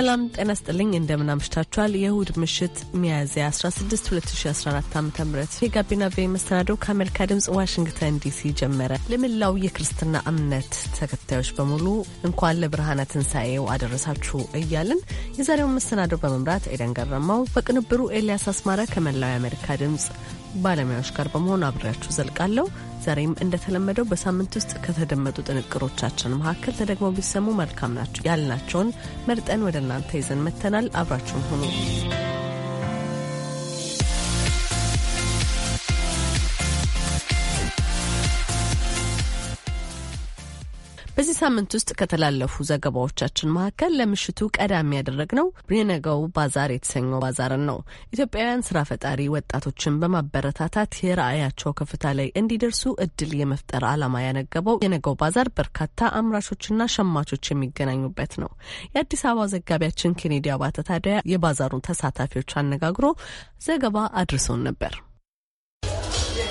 ሰላም ጤና ስጥልኝ። እንደምን አምሽታችኋል? የእሁድ ምሽት ሚያዝያ 16 2014 ዓ ም የጋቢና ቪ መሰናዶው ከአሜሪካ ድምፅ ዋሽንግተን ዲሲ ጀመረ። ለመላው የክርስትና እምነት ተከታዮች በሙሉ እንኳን ለብርሃነ ትንሣኤው አደረሳችሁ እያልን የዛሬውን መስተናደው በመምራት ኤደን ገረማው፣ በቅንብሩ ኤልያስ አስማረ ከመላው የአሜሪካ ድምፅ ባለሙያዎች ጋር በመሆን አብሬያችሁ ዘልቃለሁ። ዛሬም እንደተለመደው በሳምንት ውስጥ ከተደመጡ ጥንቅሮቻችን መካከል ተደግሞ ቢሰሙ መልካም ናቸው ያልናቸውን መርጠን ወደ እናንተ ይዘን መጥተናል። አብራችሁን ሁኑ። በዚህ ሳምንት ውስጥ ከተላለፉ ዘገባዎቻችን መካከል ለምሽቱ ቀዳሚ ያደረግነው የነገው ባዛር የተሰኘው ባዛርን ነው። ኢትዮጵያውያን ስራ ፈጣሪ ወጣቶችን በማበረታታት የራዕያቸው ከፍታ ላይ እንዲደርሱ እድል የመፍጠር ዓላማ ያነገበው የነገው ባዛር በርካታ አምራቾችና ሸማቾች የሚገናኙበት ነው። የአዲስ አበባ ዘጋቢያችን ኬኔዲ አባተ ታዲያ የባዛሩን ተሳታፊዎች አነጋግሮ ዘገባ አድርሰውን ነበር።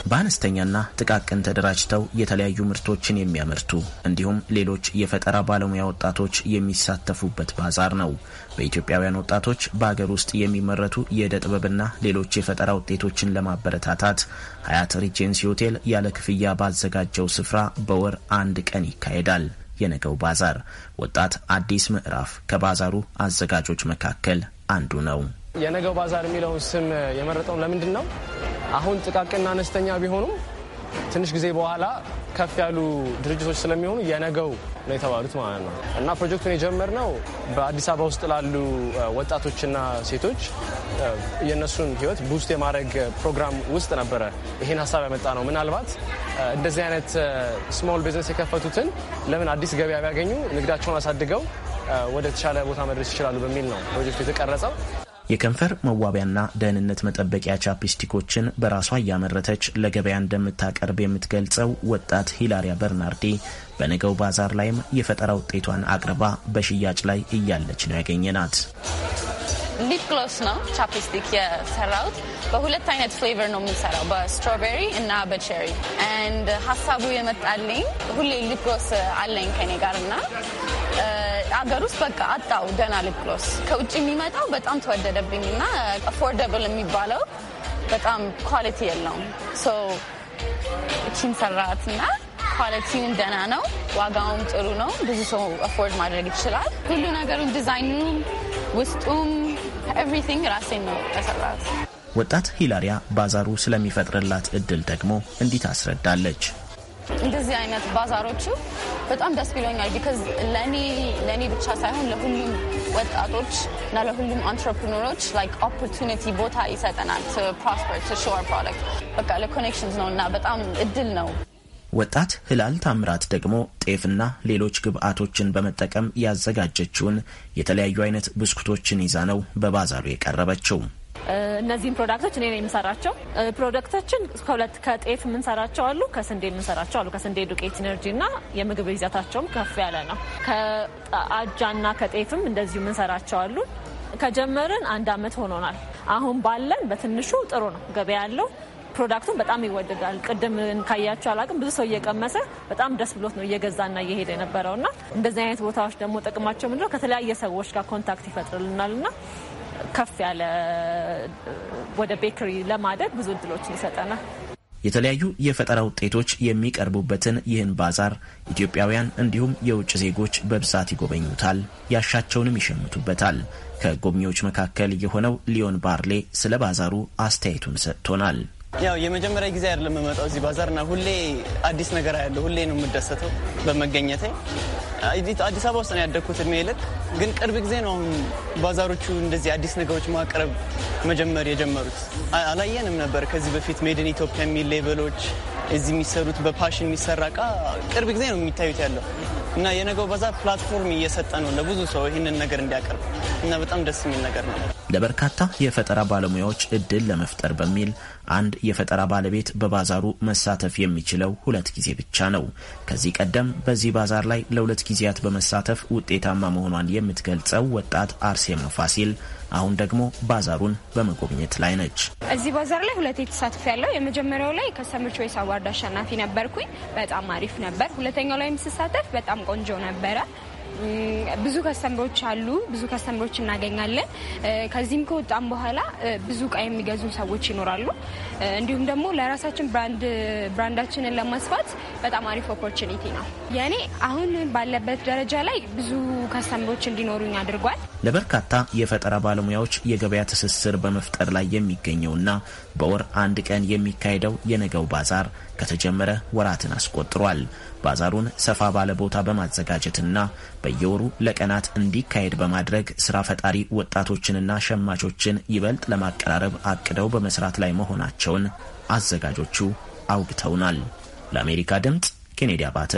በአነስተኛና ጥቃቅን ተደራጅተው የተለያዩ ምርቶችን የሚያመርቱ እንዲሁም ሌሎች የፈጠራ ባለሙያ ወጣቶች የሚሳተፉበት ባዛር ነው። በኢትዮጵያውያን ወጣቶች በሀገር ውስጥ የሚመረቱ የእደ ጥበብና ሌሎች የፈጠራ ውጤቶችን ለማበረታታት ሀያት ሪጀንሲ ሆቴል ያለ ክፍያ ባዘጋጀው ስፍራ በወር አንድ ቀን ይካሄዳል። የነገው ባዛር ወጣት አዲስ ምዕራፍ ከባዛሩ አዘጋጆች መካከል አንዱ ነው። የነገው ባዛር የሚለውን ስም የመረጠውን ለምንድን ነው? አሁን ጥቃቅንና አነስተኛ ቢሆኑም ትንሽ ጊዜ በኋላ ከፍ ያሉ ድርጅቶች ስለሚሆኑ የነገው ነው የተባሉት ማለት ነው። እና ፕሮጀክቱን የጀመርነው በአዲስ አበባ ውስጥ ላሉ ወጣቶችና ሴቶች የእነሱን ሕይወት ቡስት የማድረግ ፕሮግራም ውስጥ ነበረ ይህን ሀሳብ ያመጣ ነው። ምናልባት እንደዚህ አይነት ስሞል ቢዝነስ የከፈቱትን ለምን አዲስ ገበያ ቢያገኙ ንግዳቸውን አሳድገው ወደ ተሻለ ቦታ መድረስ ይችላሉ በሚል ነው ፕሮጀክቱ የተቀረጸው። የከንፈር መዋቢያና ደህንነት መጠበቂያ ቻፕስቲኮችን በራሷ እያመረተች ለገበያ እንደምታቀርብ የምትገልጸው ወጣት ሂላሪያ በርናርዲ በነገው ባዛር ላይም የፈጠራ ውጤቷን አቅርባ በሽያጭ ላይ እያለች ነው ያገኘናት። ሊፕ ነው ቻፕስቲክ የሰራሁት። በሁለት አይነት ፍሌቨር ነው የምንሰራው በስትሮቤሪ እና በቸሪ ኤንድ ሀሳቡ የመጣልኝ ሁሌ ሊፕ አለኝ ከኔ ጋር እና አገር ውስጥ በቃ አጣው ደና ሊፕ ከውጭ የሚመጣው በጣም ተወደደብኝ እና አፎርደብል የሚባለው በጣም ኳሊቲ የለውም። ሶ እቺን ሰራት እና ኳሊቲውን ደህና ነው፣ ዋጋውም ጥሩ ነው። ብዙ ሰው አፎርድ ማድረግ ይችላል። ሁሉ ነገሩም ዲዛይኑም ውስጡም ራሴን ነው ወጣት ሂላሪያ ባዛሩ ስለሚፈጥርላት እድል ደግሞ እንዲህ ታስረዳለች። እንደዚህ አይነት ባዛሮቹ በጣም ደስ ቢለኛል ቢካዝ ለእኔ ብቻ ሳይሆን ለሁሉም ወጣቶች እና ለሁሉም አንትረፕሪኖሮች ላይክ ኦፖርቱኒቲ ቦታ ይሰጠናል። ፕሮስፐር ፕሮዳክት በቃ ለኮኔክሽንስ ነው እና በጣም እድል ነው። ወጣት ህላል ታምራት ደግሞ ጤፍና ሌሎች ግብዓቶችን በመጠቀም ያዘጋጀችውን የተለያዩ አይነት ብስኩቶችን ይዛ ነው በባዛሩ የቀረበችው። እነዚህም ፕሮዳክቶች እኔ ነው የምሰራቸው። ፕሮዳክቶችን ከሁለት ከጤፍ የምንሰራቸው አሉ፣ ከስንዴ የምንሰራቸው አሉ። ከስንዴ ዱቄት ኢነርጂ እና የምግብ ይዘታቸውም ከፍ ያለ ነው። ከአጃና ከጤፍም እንደዚሁ የምንሰራቸው አሉ። ከጀመርን አንድ አመት ሆኖናል። አሁን ባለን በትንሹ ጥሩ ነው ገበያ ያለው ፕሮዳክቱን በጣም ይወደዳል። ቅድም ካያቸው አላቅም ብዙ ሰው እየቀመሰ በጣም ደስ ብሎት ነው እየገዛና እየሄደ የነበረው እና እንደዚህ አይነት ቦታዎች ደግሞ ጥቅማቸው ምንድነው ከተለያየ ሰዎች ጋር ኮንታክት ይፈጥርልናል እና ከፍ ያለ ወደ ቤከሪ ለማደግ ብዙ እድሎችን ይሰጠናል። የተለያዩ የፈጠራ ውጤቶች የሚቀርቡበትን ይህን ባዛር ኢትዮጵያውያን እንዲሁም የውጭ ዜጎች በብዛት ይጎበኙታል፣ ያሻቸውንም ይሸምቱበታል። ከጎብኚዎች መካከል የሆነው ሊዮን ባርሌ ስለ ባዛሩ አስተያየቱን ሰጥቶናል። ያው የመጀመሪያ ጊዜ አይደለም የምመጣው እዚህ ባዛርና ሁሌ አዲስ ነገር አያለሁ። ሁሌ ነው የምደሰተው በመገኘቴ። አዲስ አበባ ውስጥ ነው ያደግኩት እድሜ ልክ፣ ግን ቅርብ ጊዜ ነው አሁን ባዛሮቹ እንደዚህ አዲስ ነገሮች ማቅረብ መጀመር የጀመሩት። አላየንም ነበር ከዚህ በፊት ሜድን ኢትዮጵያ የሚል ሌበሎች፣ እዚህ የሚሰሩት በፓሽን የሚሰራ እቃ ቅርብ ጊዜ ነው የሚታዩት ያለው እና የነገው በዛ ፕላትፎርም እየሰጠ ነው ለብዙ ሰው ይህንን ነገር እንዲያቀርብ እና በጣም ደስ የሚል ነገር ነው። ለበርካታ የፈጠራ ባለሙያዎች እድል ለመፍጠር በሚል አንድ የፈጠራ ባለቤት በባዛሩ መሳተፍ የሚችለው ሁለት ጊዜ ብቻ ነው። ከዚህ ቀደም በዚህ ባዛር ላይ ለሁለት ጊዜያት በመሳተፍ ውጤታማ መሆኗን የምትገልጸው ወጣት አርሴማ ፋሲል አሁን ደግሞ ባዛሩን በመጎብኘት ላይ ነች። እዚህ ባዛር ላይ ሁለቴ ተሳትፍ ያለው የመጀመሪያው ላይ ከሰምር ቾይስ አዋርድ አሸናፊ ነበርኩኝ። በጣም አሪፍ ነበር። ሁለተኛው ላይ ስሳተፍ በጣም ቆንጆ ነበረ። ብዙ ከስተምሮች አሉ። ብዙ ከስተምሮች እናገኛለን። ከዚህም ከወጣም በኋላ ብዙ እቃ የሚገዙ ሰዎች ይኖራሉ። እንዲሁም ደግሞ ለራሳችን ብራንዳችንን ለማስፋት በጣም አሪፍ ኦፖርቹኒቲ ነው። የኔ አሁን ባለበት ደረጃ ላይ ብዙ ከስተምሮች እንዲኖሩኝ አድርጓል። ለበርካታ የፈጠራ ባለሙያዎች የገበያ ትስስር በመፍጠር ላይ የሚገኘውና በወር አንድ ቀን የሚካሄደው የነገው ባዛር ከተጀመረ ወራትን አስቆጥሯል። ባዛሩን ሰፋ ባለ ቦታ በማዘጋጀትና በየወሩ ለቀናት እንዲካሄድ በማድረግ ስራ ፈጣሪ ወጣቶችንና ሸማቾችን ይበልጥ ለማቀራረብ አቅደው በመስራት ላይ መሆናቸውን አዘጋጆቹ አውግተውናል። ለአሜሪካ ድምፅ ኬኔዲ አባተ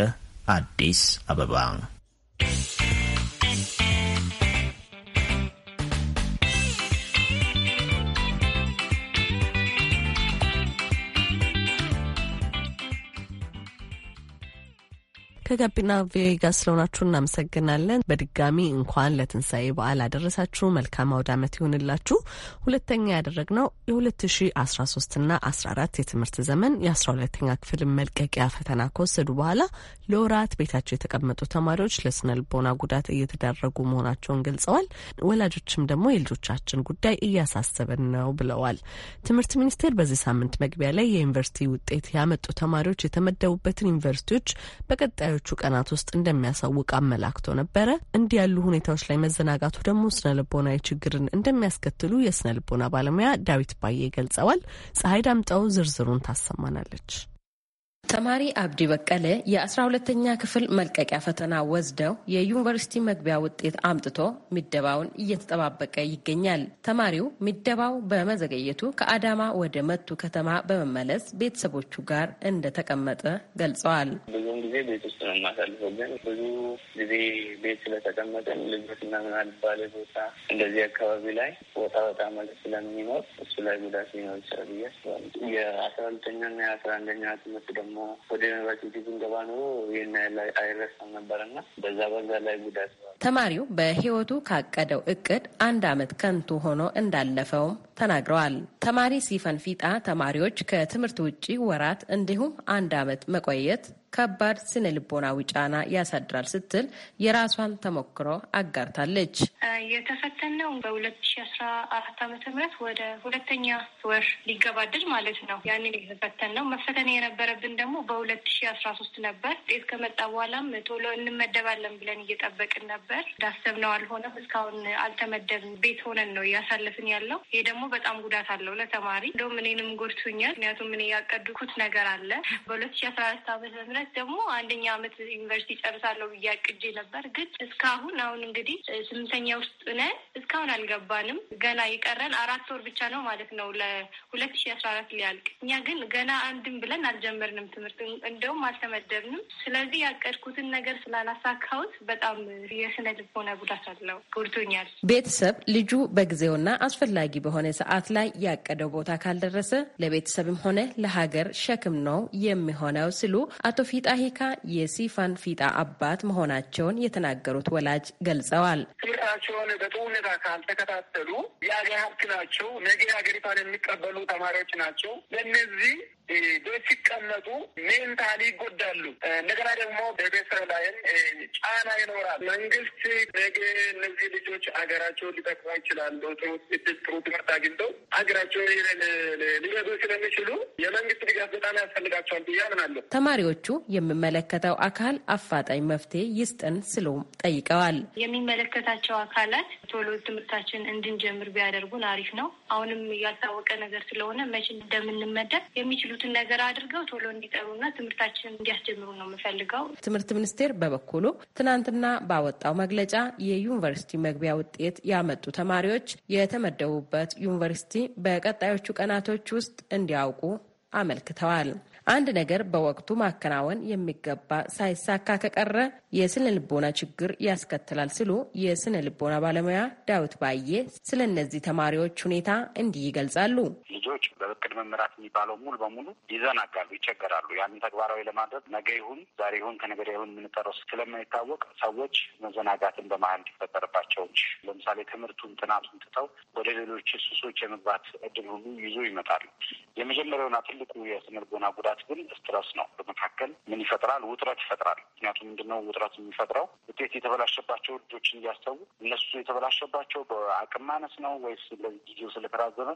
አዲስ አበባ ከጋቢና ቪኦኤ ጋር ስለሆናችሁ እናመሰግናለን። በድጋሚ እንኳን ለትንሣኤ በዓል አደረሳችሁ። መልካም አውደ ዓመት ይሁንላችሁ። ሁለተኛ ያደረግነው የ2013 ና 14 የትምህርት ዘመን የ12ተኛ ክፍል መልቀቂያ ፈተና ከወሰዱ በኋላ ለወራት ቤታቸው የተቀመጡ ተማሪዎች ለስነ ልቦና ጉዳት እየተዳረጉ መሆናቸውን ገልጸዋል። ወላጆችም ደግሞ የልጆቻችን ጉዳይ እያሳሰበን ነው ብለዋል። ትምህርት ሚኒስቴር በዚህ ሳምንት መግቢያ ላይ የዩኒቨርሲቲ ውጤት ያመጡ ተማሪዎች የተመደቡበትን ዩኒቨርሲቲዎች በቀጣዩ በመጪዎቹ ቀናት ውስጥ እንደሚያሳውቅ አመላክቶ ነበረ። እንዲህ ያሉ ሁኔታዎች ላይ መዘናጋቱ ደግሞ ስነ ልቦናዊ ችግርን እንደሚያስከትሉ የስነ ልቦና ባለሙያ ዳዊት ባዬ ገልጸዋል። ፀሐይ ዳምጠው ዝርዝሩን ታሰማናለች። ተማሪ አብዲ በቀለ የአስራ ሁለተኛ ክፍል መልቀቂያ ፈተና ወስደው የዩኒቨርሲቲ መግቢያ ውጤት አምጥቶ ሚደባውን እየተጠባበቀ ይገኛል። ተማሪው ሚደባው በመዘገየቱ ከአዳማ ወደ መቱ ከተማ በመመለስ ቤተሰቦቹ ጋር እንደተቀመጠ ገልጸዋል። ብዙም ጊዜ ቤት ውስጥ ነው የማሳልፈው፣ ግን ብዙ ጊዜ ቤት ስለተቀመጠን ልጆች ምናምን አልባሌ ቦታ እንደዚህ አካባቢ ላይ ወጣ ወጣ ማለት ስለሚኖር እሱ ላይ ጉዳት ሊኖር ይችላል ብዬ አስባለሁ። የአስራ ሁለተኛና የአስራ አንደኛ ትምህርት ደግሞ ወደ ዩኒቨርሲቲ ብንገባ ኑሮ ይህን ያህል አይረሳም ነበርና በዛ በዛ ላይ ጉዳት ተማሪው በህይወቱ ካቀደው እቅድ አንድ አመት ከንቱ ሆኖ እንዳለፈውም ተናግረዋል። ተማሪ ሲፈን ፊጣ ተማሪዎች ከትምህርት ውጪ ወራት እንዲሁም አንድ አመት መቆየት ከባድ ስነ ልቦናዊ ጫና ያሳድራል ስትል የራሷን ተሞክሮ አጋርታለች። የተፈተነው በሁለት ሺ አስራ አራት አመተ ምህረት ወደ ሁለተኛ ወር ሊገባደድ ማለት ነው። ያንን የተፈተነው መፈተን የነበረብን ደግሞ በሁለት ሺ አስራ ሶስት ነበር። ውጤት ከመጣ በኋላም ቶሎ እንመደባለን ብለን እየጠበቅን ነበር። እንዳሰብነው አልሆነም። እስካሁን አልተመደብን። ቤት ሆነን ነው እያሳለፍን ያለው። ይሄ ደግሞ በጣም ጉዳት አለው ለተማሪ እንደውም እኔንም ጎድቶኛል። ምክንያቱም እኔ ያቀድኩት ነገር አለ በሁለት ሺ አስራ አራት አመተ ምህረት ማለት ደግሞ አንደኛ ዓመት ዩኒቨርሲቲ ጨርሳለሁ ብዬ አቅጄ ነበር። ግን እስካሁን አሁን እንግዲህ ስምንተኛ ውስጥ ነን። እስካሁን አልገባንም። ገና የቀረን አራት ወር ብቻ ነው ማለት ነው ለሁለት ሺ አስራ አራት ሊያልቅ። እኛ ግን ገና አንድም ብለን አልጀመርንም ትምህርት፣ እንደውም አልተመደብንም። ስለዚህ ያቀድኩትን ነገር ስላላሳካሁት በጣም የስነ ልቦና ጉዳት አለው፣ ጎድቶኛል። ቤተሰብ ልጁ በጊዜውና አስፈላጊ በሆነ ሰዓት ላይ ያቀደው ቦታ ካልደረሰ ለቤተሰብም ሆነ ለሀገር ሸክም ነው የሚሆነው ሲሉ አቶ ፊጣ ሂካ የሲፋን ፊጣ አባት መሆናቸውን የተናገሩት ወላጅ ገልጸዋል። ፊጣቸውን በጥሩነት ካልተከታተሉ የአገር ሀብት ናቸው። ነገ የሀገሪቷን የሚቀበሉ ተማሪዎች ናቸው። ለእነዚህ ቤት ሲቀመጡ ሜንታሊ ይጎዳሉ። እንደገና ደግሞ በቤተሰብ ላይም ጫና ይኖራል። መንግስት ነገ እነዚህ ልጆች ሀገራቸውን ሊጠቅሙ ይችላሉ፣ ጥሩ እድል፣ ጥሩ ትምህርት አግኝተው ሀገራቸውን ሊረዱ ስለሚችሉ የመንግስት ድጋፍ በጣም ያስፈልጋቸዋል ብዬ አምናለሁ። ተማሪዎቹ የሚመለከተው አካል አፋጣኝ መፍትሄ ይስጥን ስሉም ጠይቀዋል። የሚመለከታቸው አካላት ቶሎ ትምህርታችን እንድንጀምር ቢያደርጉን አሪፍ ነው። አሁንም ያልታወቀ ነገር ስለሆነ መቼ እንደምንመደብ የሚችሉ የሚችሉትን ነገር አድርገው ቶሎ እንዲጠሩና ትምህርታችንን እንዲያስጀምሩ ነው የምፈልገው። ትምህርት ሚኒስቴር በበኩሉ ትናንትና ባወጣው መግለጫ የዩኒቨርሲቲ መግቢያ ውጤት ያመጡ ተማሪዎች የተመደቡበት ዩኒቨርሲቲ በቀጣዮቹ ቀናቶች ውስጥ እንዲያውቁ አመልክተዋል። አንድ ነገር በወቅቱ ማከናወን የሚገባ ሳይሳካ ከቀረ የስነ ልቦና ችግር ያስከትላል ሲሉ የስነ ልቦና ባለሙያ ዳዊት ባዬ ስለ እነዚህ ተማሪዎች ሁኔታ እንዲህ ይገልጻሉ። ልጆች በእቅድ መምራት የሚባለው ሙሉ በሙሉ ይዘናጋሉ፣ ይቸገራሉ። ያንን ተግባራዊ ለማድረግ ነገ ይሁን ዛሬ ይሁን ከነገዳ ይሁን የምንጠረው ስለማይታወቅ ሰዎች መዘናጋትን በመሀል እንዲፈጠርባቸው ለምሳሌ ትምህርቱን፣ ጥናቱን ትተው ወደ ሌሎች ሱሶች የመግባት እድል ሁሉ ይዞ ይመጣሉ። የመጀመሪያውና ትልቁ የስነ ልቦና ጉዳት ግን ስትረስ ነው። በመካከል ምን ይፈጥራል? ውጥረት ይፈጥራል። ምክንያቱም ምንድነው እጥረት የሚፈጥረው ውጤት የተበላሸባቸው ልጆችን እያሰቡ እነሱ የተበላሸባቸው በአቅም ማነስ ነው ወይስ ለዚህ ጊዜው ስለተራዘመ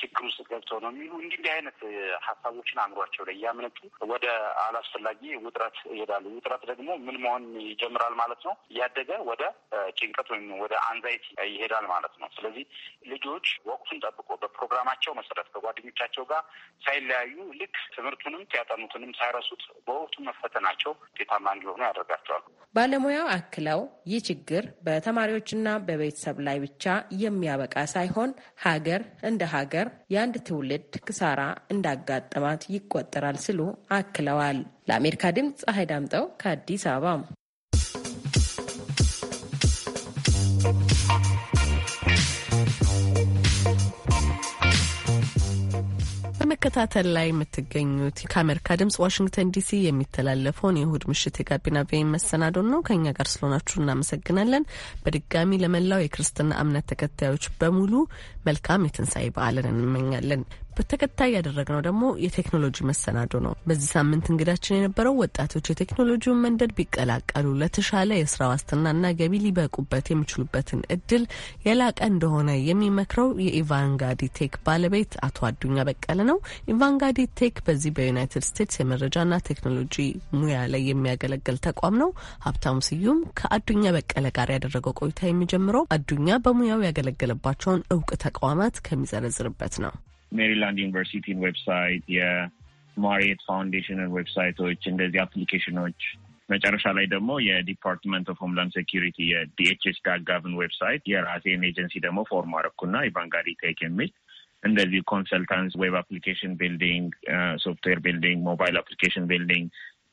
ችግር ውስጥ ገብተው ነው የሚሉ እንዲህ እንዲህ አይነት ሀሳቦችን አእምሯቸው ላይ እያመነጩ ወደ አላስፈላጊ ውጥረት ይሄዳሉ። ውጥረት ደግሞ ምን መሆን ይጀምራል ማለት ነው? እያደገ ወደ ጭንቀት ወይም ወደ አንዛይቲ ይሄዳል ማለት ነው። ስለዚህ ልጆች ወቅቱን ጠብቆ በፕሮግራማቸው መሰረት ከጓደኞቻቸው ጋር ሳይለያዩ ልክ ትምህርቱንም ያጠኑትንም ሳይረሱት በወቅቱ መፈተናቸው ውጤታማ እንዲሆኑ ያደርጋቸዋል። ባለሙያው አክለው ይህ ችግር በተማሪዎችና በቤተሰብ ላይ ብቻ የሚያበቃ ሳይሆን ሀገር እንደ ሀገር የአንድ ትውልድ ክሳራ እንዳጋጠማት ይቆጠራል ሲሉ አክለዋል። ለአሜሪካ ድምፅ ፀሐይ ዳምጠው ከአዲስ አበባ በመከታተል ላይ የምትገኙት ከአሜሪካ ድምጽ ዋሽንግተን ዲሲ የሚተላለፈውን የእሁድ ምሽት የጋቢና ቪ መሰናዶን ነው። ከእኛ ጋር ስለሆናችሁ እናመሰግናለን። በድጋሚ ለመላው የክርስትና እምነት ተከታዮች በሙሉ መልካም የትንሣኤ በዓልን እንመኛለን። በተከታይ ያደረግነው ደግሞ የቴክኖሎጂ መሰናዶ ነው። በዚህ ሳምንት እንግዳችን የነበረው ወጣቶች የቴክኖሎጂውን መንደድ ቢቀላቀሉ ለተሻለ የስራ ዋስትናና ገቢ ሊበቁበት የሚችሉበትን እድል የላቀ እንደሆነ የሚመክረው የኢቫንጋዲ ቴክ ባለቤት አቶ አዱኛ በቀለ ነው። ኢቫንጋዲ ቴክ በዚህ በዩናይትድ ስቴትስ የመረጃና ቴክኖሎጂ ሙያ ላይ የሚያገለግል ተቋም ነው። ሀብታሙ ስዩም ከአዱኛ በቀለ ጋር ያደረገው ቆይታ የሚጀምረው አዱኛ በሙያው ያገለገለባቸውን እውቅ ተቋማት ከሚዘረዝርበት ነው። ሜሪላንድ ዩኒቨርሲቲን ዌብሳይት የማሪየት ፋውንዴሽንን ዌብሳይቶች፣ እንደዚህ አፕሊኬሽኖች መጨረሻ ላይ ደግሞ የዲፓርትመንት ኦፍ ሆምላንድ ሴኪሪቲ የዲኤችኤስ ዳጋብን ዌብሳይት የራሴን ኤጀንሲ ደግሞ ፎርም አረኩና የቫንጋሪ ቴክ የሚል እንደዚህ ኮንሰልታንስ ዌብ አፕሊኬሽን ቢልዲንግ፣ ሶፍትዌር ቢልዲንግ፣ ሞባይል አፕሊኬሽን ቢልዲንግ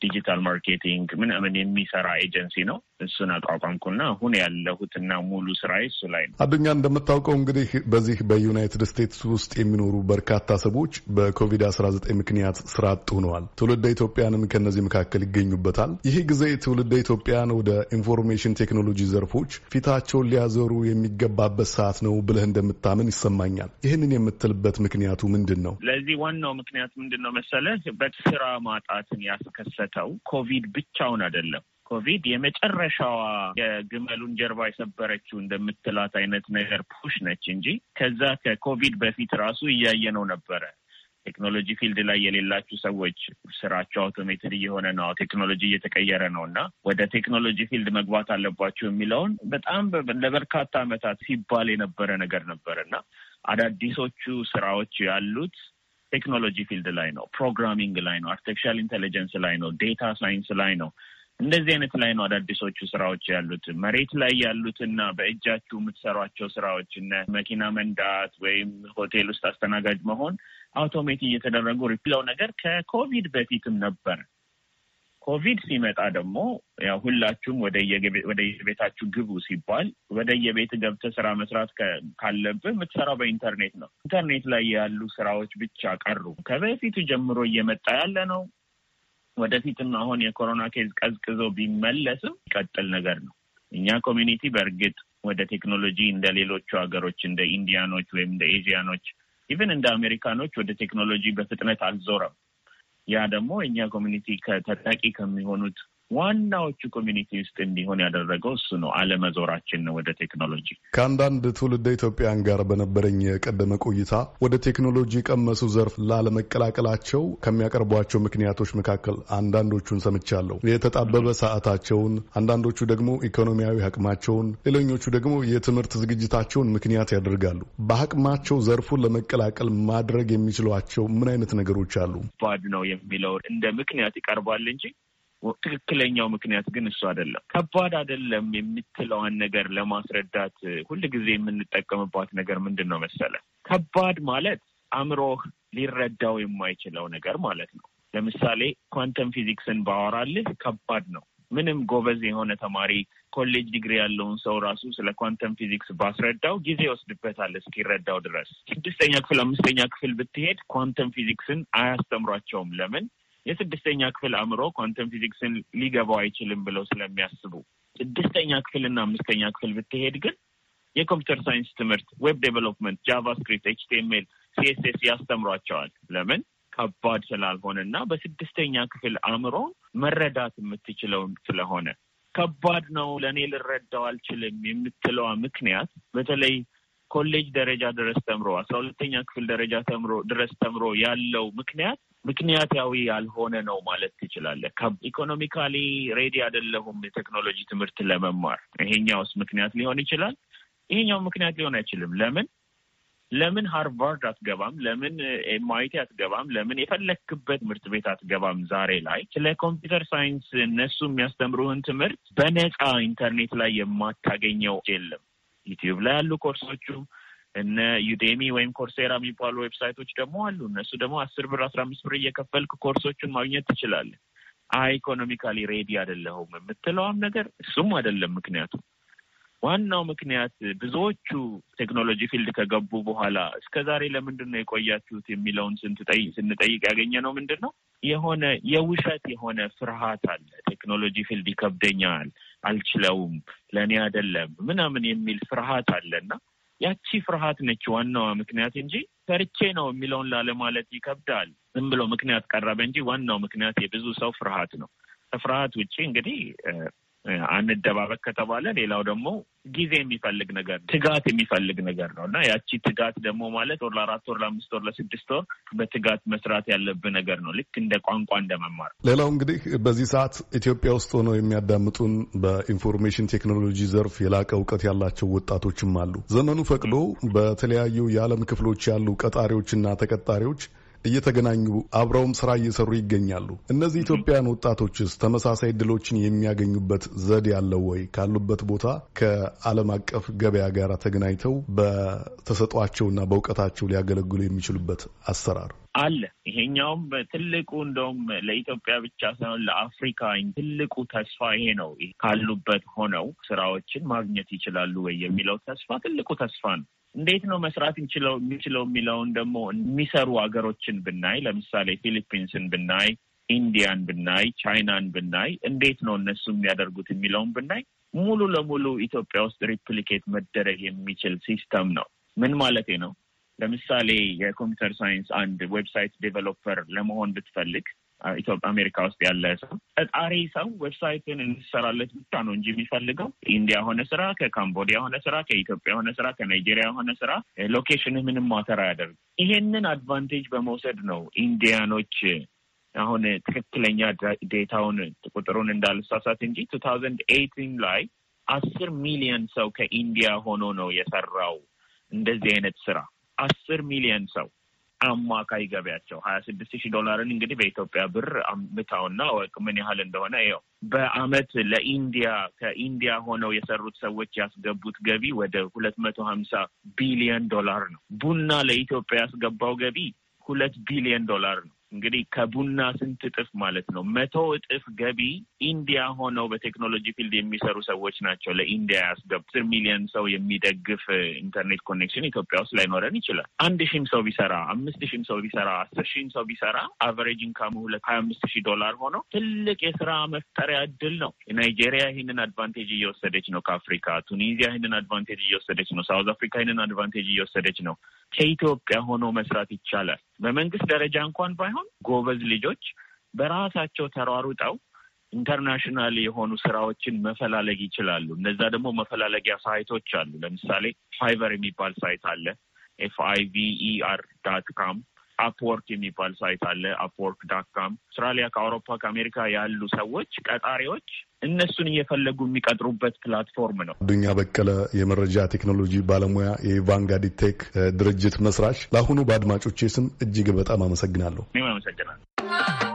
ዲጂታል ማርኬቲንግ ምናምን የሚሰራ ኤጀንሲ ነው። እሱን አቋቋምኩና አሁን ያለሁትና ሙሉ ስራ እሱ ላይ ነው። አዱኛ፣ እንደምታውቀው እንግዲህ በዚህ በዩናይትድ ስቴትስ ውስጥ የሚኖሩ በርካታ ሰዎች በኮቪድ አስራ ዘጠኝ ምክንያት ስራ አጥ ሆነዋል። ትውልደ ኢትዮጵያንም ከእነዚህ መካከል ይገኙበታል። ይህ ጊዜ ትውልደ ኢትዮጵያን ወደ ኢንፎርሜሽን ቴክኖሎጂ ዘርፎች ፊታቸውን ሊያዘሩ የሚገባበት ሰዓት ነው ብለህ እንደምታምን ይሰማኛል። ይህንን የምትልበት ምክንያቱ ምንድን ነው? ለዚህ ዋናው ምክንያት ምንድን ነው መሰለህ በስራ ማጣትን ያስከሰተ የሚመለከተው ኮቪድ ብቻውን አይደለም። ኮቪድ የመጨረሻዋ የግመሉን ጀርባ የሰበረችው እንደምትላት አይነት ነገር ፑሽ ነች እንጂ ከዛ ከኮቪድ በፊት ራሱ እያየ ነው ነበረ። ቴክኖሎጂ ፊልድ ላይ የሌላችሁ ሰዎች ስራቸው አውቶሜትድ እየሆነ ነው፣ ቴክኖሎጂ እየተቀየረ ነው እና ወደ ቴክኖሎጂ ፊልድ መግባት አለባቸው የሚለውን በጣም ለበርካታ ዓመታት ሲባል የነበረ ነገር ነበር እና አዳዲሶቹ ስራዎች ያሉት ቴክኖሎጂ ፊልድ ላይ ነው፣ ፕሮግራሚንግ ላይ ነው፣ አርቲፊሻል ኢንቴሊጀንስ ላይ ነው፣ ዴታ ሳይንስ ላይ ነው። እንደዚህ አይነት ላይ ነው አዳዲሶቹ ስራዎች ያሉት። መሬት ላይ ያሉትና በእጃችሁ የምትሰሯቸው ስራዎች እነ መኪና መንዳት ወይም ሆቴል ውስጥ አስተናጋጅ መሆን አውቶሜት እየተደረጉ ሪፕለው ነገር ከኮቪድ በፊትም ነበር ኮቪድ ሲመጣ ደግሞ ያው ሁላችሁም የቤታችሁ ግቡ ሲባል ወደየቤት ገብተ ስራ መስራት ካለብህ የምትሰራው በኢንተርኔት ነው። ኢንተርኔት ላይ ያሉ ስራዎች ብቻ ቀሩ። ከበፊቱ ጀምሮ እየመጣ ያለ ነው። ወደፊትም አሁን የኮሮና ኬዝ ቀዝቅዞ ቢመለስም ይቀጥል ነገር ነው። እኛ ኮሚኒቲ በእርግጥ ወደ ቴክኖሎጂ እንደ ሌሎቹ ሀገሮች እንደ ኢንዲያኖች ወይም እንደ ኤዥያኖች ኢቨን እንደ አሜሪካኖች ወደ ቴክኖሎጂ በፍጥነት አልዞረም። ያ ደግሞ እኛ ኮሚኒቲ ተጠቂ ከሚሆኑት ዋናዎቹ ኮሚኒቲ ውስጥ እንዲሆን ያደረገው እሱ ነው። አለመዞራችን ነው ወደ ቴክኖሎጂ። ከአንዳንድ ትውልደ ኢትዮጵያን ጋር በነበረኝ የቀደመ ቆይታ ወደ ቴክኖሎጂ ቀመሱ ዘርፍ ላለመቀላቀላቸው ከሚያቀርቧቸው ምክንያቶች መካከል አንዳንዶቹን ሰምቻለሁ። የተጣበበ ሰዓታቸውን፣ አንዳንዶቹ ደግሞ ኢኮኖሚያዊ አቅማቸውን፣ ሌሎኞቹ ደግሞ የትምህርት ዝግጅታቸውን ምክንያት ያደርጋሉ። በአቅማቸው ዘርፉን ለመቀላቀል ማድረግ የሚችሏቸው ምን አይነት ነገሮች አሉ? ባድ ነው የሚለው እንደ ምክንያት ይቀርባል እንጂ ትክክለኛው ምክንያት ግን እሱ አይደለም። ከባድ አይደለም የምትለዋን ነገር ለማስረዳት ጊዜ የምንጠቀምባት ነገር ምንድን ነው መሰለ? ከባድ ማለት አእምሮህ ሊረዳው የማይችለው ነገር ማለት ነው። ለምሳሌ ኳንተም ፊዚክስን ባወራልህ ከባድ ነው። ምንም ጎበዝ የሆነ ተማሪ ኮሌጅ ዲግሪ ያለውን ሰው ራሱ ስለ ኳንተም ፊዚክስ ባስረዳው ጊዜ ይወስድበታል እስኪረዳው ድረስ። ስድስተኛ ክፍል፣ አምስተኛ ክፍል ብትሄድ ኳንተም ፊዚክስን አያስተምሯቸውም። ለምን? የስድስተኛ ክፍል አእምሮ ኳንተም ፊዚክስን ሊገባው አይችልም ብለው ስለሚያስቡ ስድስተኛ ክፍልና አምስተኛ ክፍል ብትሄድ ግን የኮምፒውተር ሳይንስ ትምህርት፣ ዌብ ዴቨሎፕመንት፣ ጃቫስክሪፕት፣ ኤችቲኤምኤል፣ ሲኤስኤስ ያስተምሯቸዋል። ለምን ከባድ ስላልሆነ እና በስድስተኛ ክፍል አእምሮ መረዳት የምትችለው ስለሆነ ከባድ ነው ለእኔ ልረዳው አልችልም የምትለዋ ምክንያት በተለይ ኮሌጅ ደረጃ ድረስ ተምሮ አስራ ሁለተኛ ክፍል ደረጃ ተምሮ ድረስ ተምሮ ያለው ምክንያት ምክንያታዊ ያልሆነ ነው ማለት ትችላለህ። ኢኮኖሚካሊ ሬዲ አይደለሁም የቴክኖሎጂ ትምህርት ለመማር ይሄኛውስ ምክንያት ሊሆን ይችላል። ይሄኛው ምክንያት ሊሆን አይችልም። ለምን ለምን ሃርቫርድ አትገባም? ለምን ኤም አትገባም? ለምን የፈለክበት ትምህርት ቤት አትገባም? ዛሬ ላይ ስለ ኮምፒውተር ሳይንስ እነሱ የሚያስተምሩህን ትምህርት በነፃ ኢንተርኔት ላይ የማታገኘው የለም። ዩቲዩብ ላይ ያሉ ኮርሶቹም እነ ዩዴሚ ወይም ኮርሴራ የሚባሉ ዌብሳይቶች ደግሞ አሉ። እነሱ ደግሞ አስር ብር አስራ አምስት ብር እየከፈልክ ኮርሶቹን ማግኘት ትችላለህ። አይ ኢኮኖሚካሊ ሬዲ አይደለሁም የምትለዋም ነገር እሱም አይደለም ምክንያቱ። ዋናው ምክንያት ብዙዎቹ ቴክኖሎጂ ፊልድ ከገቡ በኋላ እስከ ዛሬ ለምንድን ነው የቆያችሁት የሚለውን ስንጠይቅ ያገኘ ነው ምንድን ነው የሆነ የውሸት የሆነ ፍርሃት አለ። ቴክኖሎጂ ፊልድ ይከብደኛል፣ አልችለውም፣ ለእኔ አይደለም ምናምን የሚል ፍርሃት አለ እና ያቺ ፍርሃት ነች ዋናዋ ምክንያት እንጂ ፈርቼ ነው የሚለውን ላለማለት ይከብዳል። ዝም ብሎ ምክንያት ቀረበ እንጂ ዋናው ምክንያት የብዙ ሰው ፍርሃት ነው። ከፍርሃት ውጭ እንግዲህ አንደባበቅ ከተባለ ሌላው ደግሞ ጊዜ የሚፈልግ ነገር ትጋት የሚፈልግ ነገር ነው እና ያቺ ትጋት ደግሞ ማለት ወር ለአራት ወር ለአምስት ወር ለስድስት ወር በትጋት መስራት ያለብህ ነገር ነው። ልክ እንደ ቋንቋ እንደ መማር። ሌላው እንግዲህ በዚህ ሰዓት ኢትዮጵያ ውስጥ ሆነው የሚያዳምጡን በኢንፎርሜሽን ቴክኖሎጂ ዘርፍ የላቀ እውቀት ያላቸው ወጣቶችም አሉ። ዘመኑ ፈቅዶ በተለያዩ የዓለም ክፍሎች ያሉ ቀጣሪዎችና ተቀጣሪዎች እየተገናኙ አብረውም ስራ እየሰሩ ይገኛሉ። እነዚህ ኢትዮጵያውያን ወጣቶችስ ተመሳሳይ እድሎችን የሚያገኙበት ዘዴ ያለው ወይ? ካሉበት ቦታ ከዓለም አቀፍ ገበያ ጋር ተገናኝተው በተሰጧቸውና በእውቀታቸው ሊያገለግሉ የሚችሉበት አሰራር አለ። ይሄኛውም ትልቁ እንደውም ለኢትዮጵያ ብቻ ሳይሆን ለአፍሪካ ትልቁ ተስፋ ይሄ ነው። ካሉበት ሆነው ስራዎችን ማግኘት ይችላሉ ወይ የሚለው ተስፋ ትልቁ ተስፋ ነው። እንዴት ነው መስራት የሚችለው የሚለውን ደግሞ የሚሰሩ ሀገሮችን ብናይ ለምሳሌ ፊሊፒንስን ብናይ፣ ኢንዲያን ብናይ፣ ቻይናን ብናይ እንዴት ነው እነሱ የሚያደርጉት የሚለውን ብናይ ሙሉ ለሙሉ ኢትዮጵያ ውስጥ ሪፕሊኬት መደረግ የሚችል ሲስተም ነው። ምን ማለት ነው? ለምሳሌ የኮምፒውተር ሳይንስ አንድ ዌብሳይት ዴቨሎፐር ለመሆን ብትፈልግ አሜሪካ ውስጥ ያለ ሰው ቀጣሪ ሰው ዌብሳይትን እንሰራለት ብቻ ነው እንጂ የሚፈልገው ኢንዲያ የሆነ ስራ፣ ከካምቦዲያ የሆነ ስራ፣ ከኢትዮጵያ የሆነ ስራ፣ ከናይጄሪያ የሆነ ስራ ሎኬሽን ምንም ማተር አያደርግም። ይሄንን አድቫንቴጅ በመውሰድ ነው ኢንዲያኖች አሁን ትክክለኛ ዴታውን ቁጥሩን እንዳልሳሳት እንጂ ቱ ታውዘንድ ኤይቲን ላይ አስር ሚሊዮን ሰው ከኢንዲያ ሆኖ ነው የሰራው እንደዚህ አይነት ስራ አስር ሚሊዮን ሰው አማካይ ገቢያቸው ሀያ ስድስት ሺህ ዶላርን እንግዲህ በኢትዮጵያ ብር ምታውና ወቅ ምን ያህል እንደሆነ ይኸው በአመት ለኢንዲያ ከኢንዲያ ሆነው የሰሩት ሰዎች ያስገቡት ገቢ ወደ ሁለት መቶ ሀምሳ ቢሊዮን ዶላር ነው። ቡና ለኢትዮጵያ ያስገባው ገቢ ሁለት ቢሊዮን ዶላር ነው። እንግዲህ ከቡና ስንት እጥፍ ማለት ነው። መቶ እጥፍ ገቢ ኢንዲያ ሆነው በቴክኖሎጂ ፊልድ የሚሰሩ ሰዎች ናቸው ለኢንዲያ ያስገቡ። አስር ሚሊዮን ሰው የሚደግፍ ኢንተርኔት ኮኔክሽን ኢትዮጵያ ውስጥ ላይኖረን ይችላል። አንድ ሺህም ሰው ቢሰራ፣ አምስት ሺህም ሰው ቢሰራ፣ አስር ሺህም ሰው ቢሰራ አቨሬጅ ኢንካሙ ሁለት ሀያ አምስት ሺህ ዶላር ሆኖ ትልቅ የስራ መፍጠሪያ እድል ነው። ናይጄሪያ ይህንን አድቫንቴጅ እየወሰደች ነው ከአፍሪካ። ቱኒዚያ ይህንን አድቫንቴጅ እየወሰደች ነው። ሳውዝ አፍሪካ ይህንን አድቫንቴጅ እየወሰደች ነው። ከኢትዮጵያ ሆኖ መስራት ይቻላል። በመንግስት ደረጃ እንኳን ባይሆን ጎበዝ ልጆች በራሳቸው ተሯሩጠው ኢንተርናሽናል የሆኑ ስራዎችን መፈላለግ ይችላሉ። እነዛ ደግሞ መፈላለጊያ ሳይቶች አሉ። ለምሳሌ ፋይቨር የሚባል ሳይት አለ። ኤፍ አይ ቪ ኢ አር ዳት ካም አፕወርክ የሚባል ሳይት አለ። አፕወርክ ዳካም አውስትራሊያ ከአውሮፓ ከአሜሪካ ያሉ ሰዎች ቀጣሪዎች እነሱን እየፈለጉ የሚቀጥሩበት ፕላትፎርም ነው። አዱኛ በቀለ የመረጃ ቴክኖሎጂ ባለሙያ የቫንጋዲ ቴክ ድርጅት መስራች፣ ለአሁኑ በአድማጮቼ ስም እጅግ በጣም አመሰግናለሁ። እኔም አመሰግናለሁ።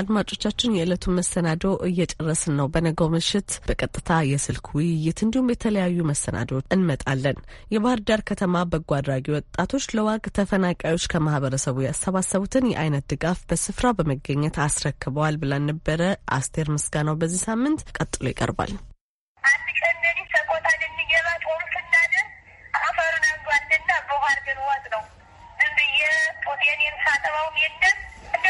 አድማጮቻችን የዕለቱን መሰናዶ እየጨረስን ነው። በነገው ምሽት በቀጥታ የስልክ ውይይት እንዲሁም የተለያዩ መሰናዶዎች እንመጣለን። የባህር ዳር ከተማ በጎ አድራጊ ወጣቶች ለዋግ ተፈናቃዮች ከማህበረሰቡ ያሰባሰቡትን የአይነት ድጋፍ በስፍራ በመገኘት አስረክበዋል ብላን ነበረ። አስቴር ምስጋናው በዚህ ሳምንት ቀጥሎ ይቀርባል። አፈሩን አንዱ ነው የለም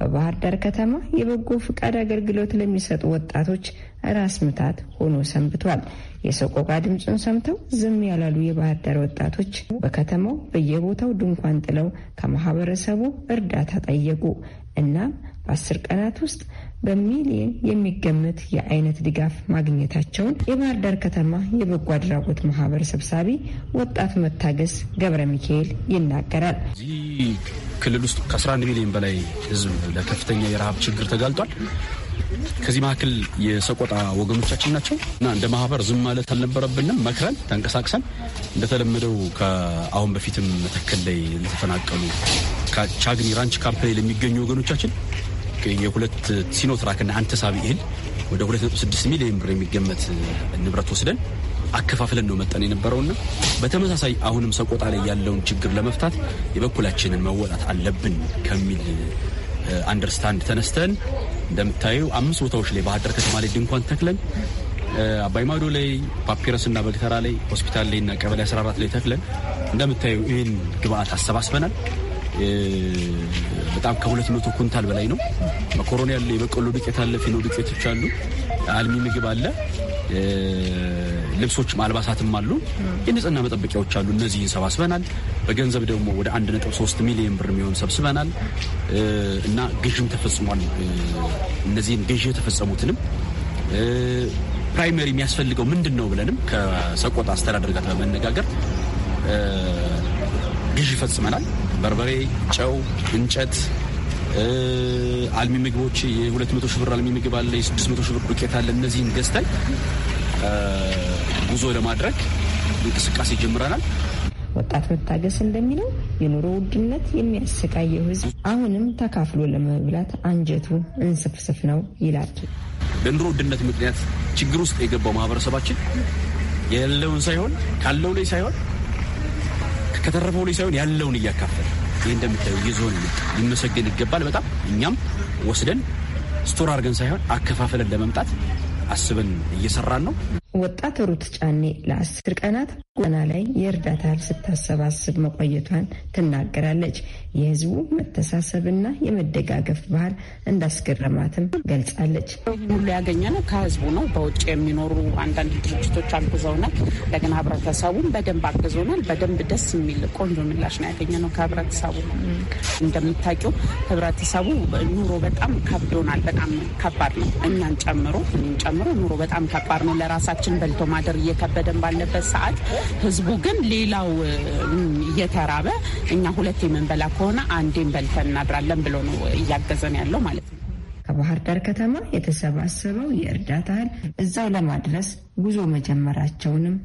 በባህር ዳር ከተማ የበጎ ፍቃድ አገልግሎት ለሚሰጡ ወጣቶች ራስ ምታት ሆኖ ሰንብቷል። የሰቆቃ ድምፁን ሰምተው ዝም ያላሉ የባህር ዳር ወጣቶች በከተማው በየቦታው ድንኳን ጥለው ከማህበረሰቡ እርዳታ ጠየቁ። እናም አስር ቀናት ውስጥ በሚሊየን የሚገመት የአይነት ድጋፍ ማግኘታቸውን የባህር ዳር ከተማ የበጎ አድራጎት ማህበር ሰብሳቢ ወጣት መታገስ ገብረ ሚካኤል ይናገራል። እዚህ ክልል ውስጥ ከ11 ሚሊዮን በላይ ህዝብ ለከፍተኛ የረሃብ ችግር ተጋልጧል። ከዚህ መካከል የሰቆጣ ወገኖቻችን ናቸው እና እንደ ማህበር ዝም ማለት አልነበረብንም። መክረን ተንቀሳቅሰን እንደተለመደው ከአሁን በፊትም መተከል ላይ ለተፈናቀሉ ከቻግኒ ራንች ካምፕ ላይ ለሚገኙ ወገኖቻችን የሁለት ሲኖትራክና አንተሳቢ እህል ወደ 26 ሚሊዮን ብር የሚገመት ንብረት ወስደን አከፋፍለን ነው መጠን የነበረውና በተመሳሳይ አሁንም ሰቆጣ ላይ ያለውን ችግር ለመፍታት የበኩላችንን መወጣት አለብን ከሚል አንደርስታንድ uh, ተነስተን እንደምታየው አምስት ቦታዎች ላይ ባህርዳር ከተማ ላይ ድንኳን ተክለን uh, አባይ ማዶ ላይ ፓፒረስ እና በግተራ ላይ ሆስፒታል ላይ እና ቀበሌ 14 ላይ ተክለን እንደምታየው ይህን ግብአት አሰባስበናል። በጣም ከሁለት መቶ ኩንታል በላይ ነው። መኮሮኒ ያለ፣ የበቆሎ ዱቄት አለ፣ ፊኖ ዱቄቶች አሉ፣ አልሚ ምግብ አለ፣ ልብሶችም አልባሳትም አሉ፣ የንጽህና መጠበቂያዎች አሉ። እነዚህን ሰባስበናል። በገንዘብ ደግሞ ወደ 1.3 ሚሊዮን ብር የሚሆን ሰብስበናል እና ግዥም ተፈጽሟል። እነዚህን ግዥ የተፈጸሙትንም ፕራይመሪ የሚያስፈልገው ምንድን ነው ብለንም ከሰቆጣ አስተዳደር ጋር በመነጋገር ግዥ ይፈጽመናል። በርበሬ፣ ጨው፣ እንጨት፣ አልሚ ምግቦች የሁለት መቶ ሺህ ብር አልሚ ምግብ አለ፣ የስድስት መቶ ሺህ ብር ዱቄት አለ። እነዚህን ገዝተን ጉዞ ለማድረግ እንቅስቃሴ ጀምረናል። ወጣት መታገስ እንደሚለው የኑሮ ውድነት የሚያሰቃየው ሕዝብ አሁንም ተካፍሎ ለመብላት አንጀቱ እንስፍስፍ ነው ይላል። በኑሮ ውድነት ምክንያት ችግር ውስጥ የገባው ማህበረሰባችን የሌለውን ሳይሆን ካለው ላይ ሳይሆን ከተረፈው ላይ ሳይሆን ያለውን እያካፈለ ይህ እንደምታዩ የዞን ሊመሰገን ይገባል። በጣም እኛም ወስደን ስቶር አድርገን ሳይሆን አከፋፈለን ለመምጣት አስበን እየሰራን ነው። ወጣት ሩት ጫኔ ለአስር ቀናት ጎዳና ላይ የእርዳታ እህል ስታሰባስብ መቆየቷን ትናገራለች። የህዝቡ መተሳሰብና የመደጋገፍ ባህል እንዳስገረማትም ገልጻለች። ይህን ሁሉ ያገኘነው ከህዝቡ ነው። በውጭ የሚኖሩ አንዳንድ ድርጅቶች አግዘውናል። እንደገና ህብረተሰቡም በደንብ አግዞናል። በደንብ ደስ የሚል ቆንጆ ምላሽ ነው ያገኘ ነው ከህብረተሰቡ። እንደምታውቂው ህብረተሰቡ ኑሮ በጣም ከብዶናል። በጣም ከባድ ነው። እኛን ጨምሮ ጨምሮ ኑሮ በጣም ከባድ ነው ለራሳችን ራሱን በልቶ ማደር እየከበደን ባለበት ሰዓት ህዝቡ ግን ሌላው እየተራበ እኛ ሁለት የምንበላ ከሆነ አንዴን በልተን እናድራለን ብሎ ነው እያገዘን ያለው ማለት ነው። ከባህር ዳር ከተማ የተሰባሰበው የእርዳታ እህል እዛው ለማድረስ ጉዞ መጀመራቸውንም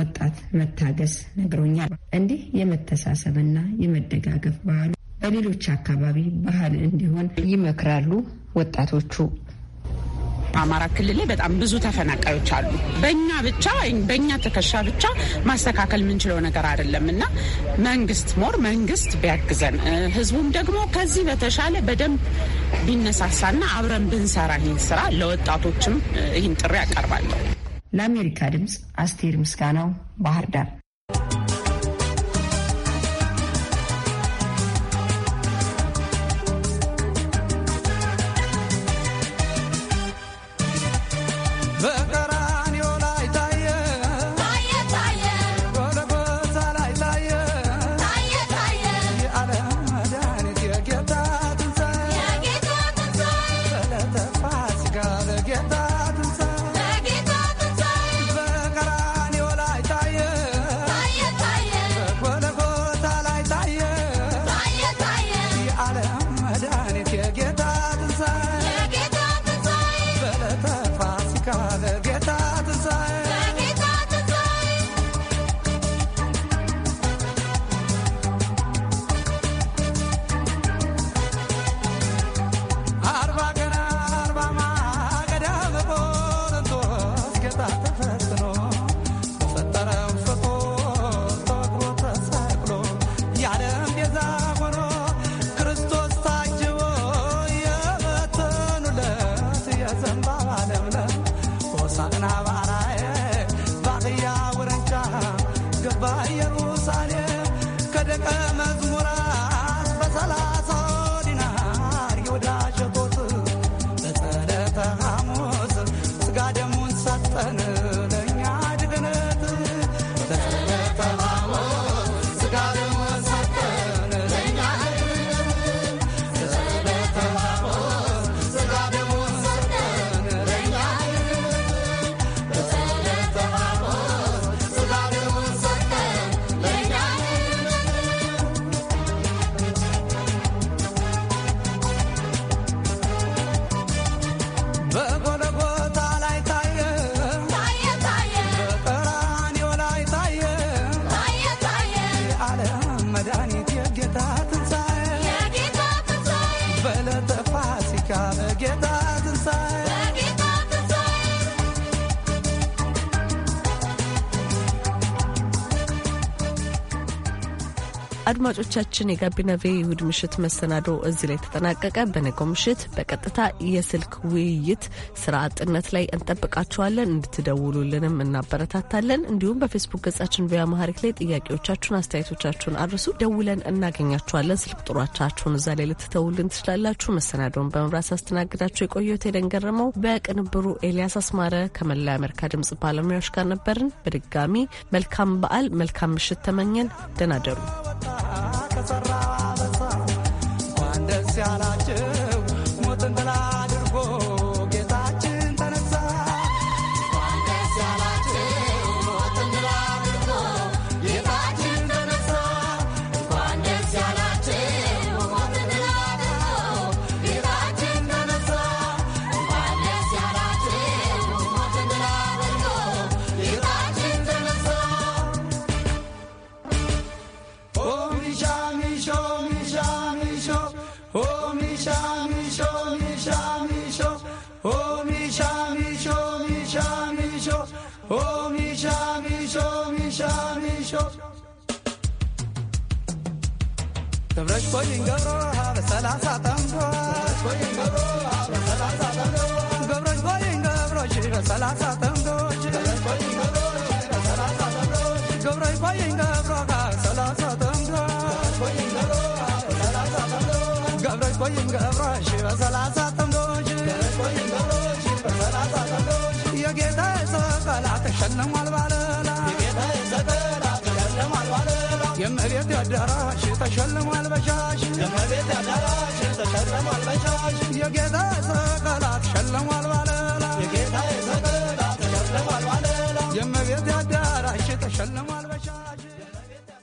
ወጣት መታገስ ነግሮኛል። እንዲህ የመተሳሰብና የመደጋገፍ ባህሉ በሌሎች አካባቢ ባህል እንዲሆን ይመክራሉ ወጣቶቹ። አማራ ክልል ላይ በጣም ብዙ ተፈናቃዮች አሉ። በእኛ ብቻ በእኛ ትከሻ ብቻ ማስተካከል የምንችለው ነገር አይደለም እና መንግስት ሞር መንግስት ቢያግዘን፣ ህዝቡም ደግሞ ከዚህ በተሻለ በደንብ ቢነሳሳና አብረን ብንሰራ ይህን ስራ ለወጣቶችም ይህን ጥሪ ያቀርባለሁ። ለአሜሪካ ድምፅ አስቴር ምስጋናው ባህር ዳር Gracias. አድማጮቻችን የጋቢና ቪ እሁድ ምሽት መሰናዶ እዚህ ላይ ተጠናቀቀ። በነገው ምሽት በቀጥታ የስልክ ውይይት ስራ አጥነት ላይ እንጠብቃችኋለን። እንድትደውሉልንም እናበረታታለን። እንዲሁም በፌስቡክ ገጻችን ቪያ መሀሪክ ላይ ጥያቄዎቻችሁን፣ አስተያየቶቻችሁን አድርሱ። ደውለን እናገኛችኋለን። ስልክ ጥሯቻችሁን እዛ ላይ ልትተውልን ትችላላችሁ። መሰናዶውን በመምራት ሳስተናግዳችሁ የቆየሁት ኤደን ገረመው፣ በቅንብሩ ኤልያስ አስማረ ከመላ አሜሪካ ድምጽ ባለሙያዎች ጋር ነበርን። በድጋሚ መልካም በዓል መልካም ምሽት ተመኘን። ደህና ደሩ። Oh Misha, Misho, Misha, Misho. Oh Misha, Misho, Misha, Misho. Oh Misha, Misho, Misha, Misho. تبرش بوين قبرو هذا ثلاثة تنفر تبرش بوين قبرو هذا ثلاثة تنفر قبرش بوين قبرو شيء ثلاثة تنفر قبرش بوين قبرو شيء ثلاثة تنفر قبرش بوين قبرو despojim ga vraći, a za lasa tam dođi. Ja gjeda je za kalate, še nam alvala. Yemme bir tadara, şeta şellem al başaj. Yemme bir tadara, şeta şellem al başaj. Ya gezer sakalat, şellem al valala. Ya gezer sakalat, şellem al valala. Yemme bir tadara, şeta şellem al